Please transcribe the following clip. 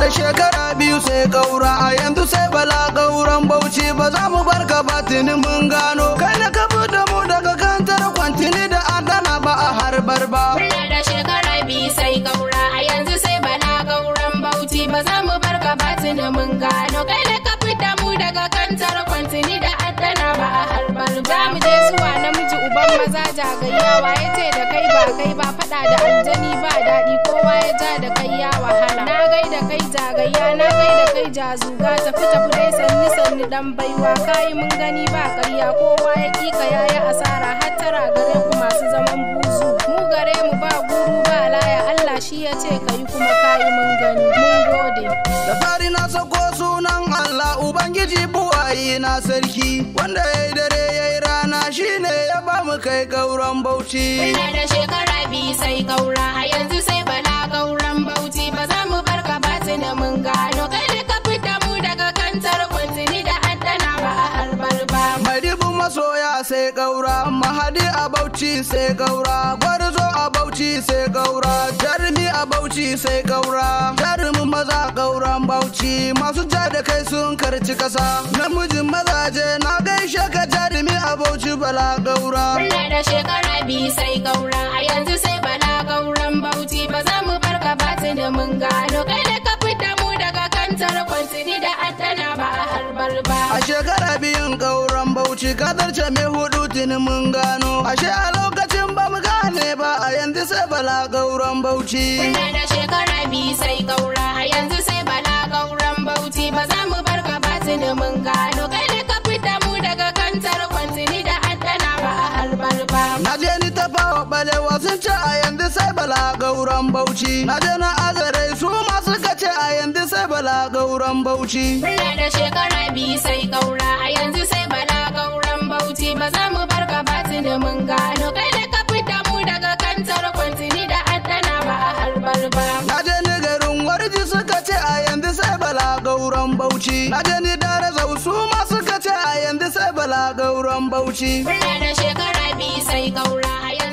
da shekara biyu sai kaura a yanzu sai bala kauran bauchi ba za mu bar ba tuni mun gano kai na ka da mu daga kantar kwantini da adana ba a harbar ba muna da shekara biyu sai kaura a yanzu sai bala kauran bauchi ba za mu bar ba tuni mun gano kai na ka da mu daga kantar kwantini da adana ba a harbar ba za mu je zuwa namiji uban maza jagayawa ya ce da kai ba kai ba faɗa da zagaya na kai da kai jazuga tafi tafi dai sanni sanni dan baiwa kayi mun gani ba karya kowa ya kika yayi asara har tara gare ku masu zaman buzu mu gare mu ba guru ba laya Allah shi ya ce kayi kuma kayi mun gani mun gode da fari na sako sunan Allah ubangiji buwaye na sarki wanda yayi dare yayi rana shine ya ba mu kai gauran bauchi ina da shekara biyu sai gaura a yanzu masoya sai gaura mahadi a bauchi sai gaura gwarzo a bauchi sai gaura jarumi a bauchi sai gaura jarumin maza gauran bauchi masu ja da kai sun karci kasa namijin mazaje na gaishe ka jarumi a bauchi bala gaura da shekara biyu sai gaura a yanzu sai bala gaura bauchi ba za mu ka ba da mun gano kai da ka fita mu daga kantar kwantini da attana ba a harbar ba a shekara biyun gaura wuce kadar ce mai hudu tuni mun gano ashe a lokacin ba mu gane ba a yanzu sai bala gauran bauchi kuna da shekara biyu sai gaura a yanzu sai bala gauran bauchi ba za mu bar ka ba tuni mun gano sun ce a yanzu sai bala gauran bauchi na je na azare su ma suka ce a yanzu sai bala gauran bauchi muna da shekara biyu sai gaura a yanzu sai bala gauran bauchi ba za mu bar gaba da mun gano kai da ka fita mu daga kantar kwantini da addana ba a albarba? ba na je ni garin warji suka ce a yanzu sai bala gauran bauchi na je ni dare zau su ma suka ce a yanzu sai bala gauran bauchi muna da shekara biyu sai gaura a yanzu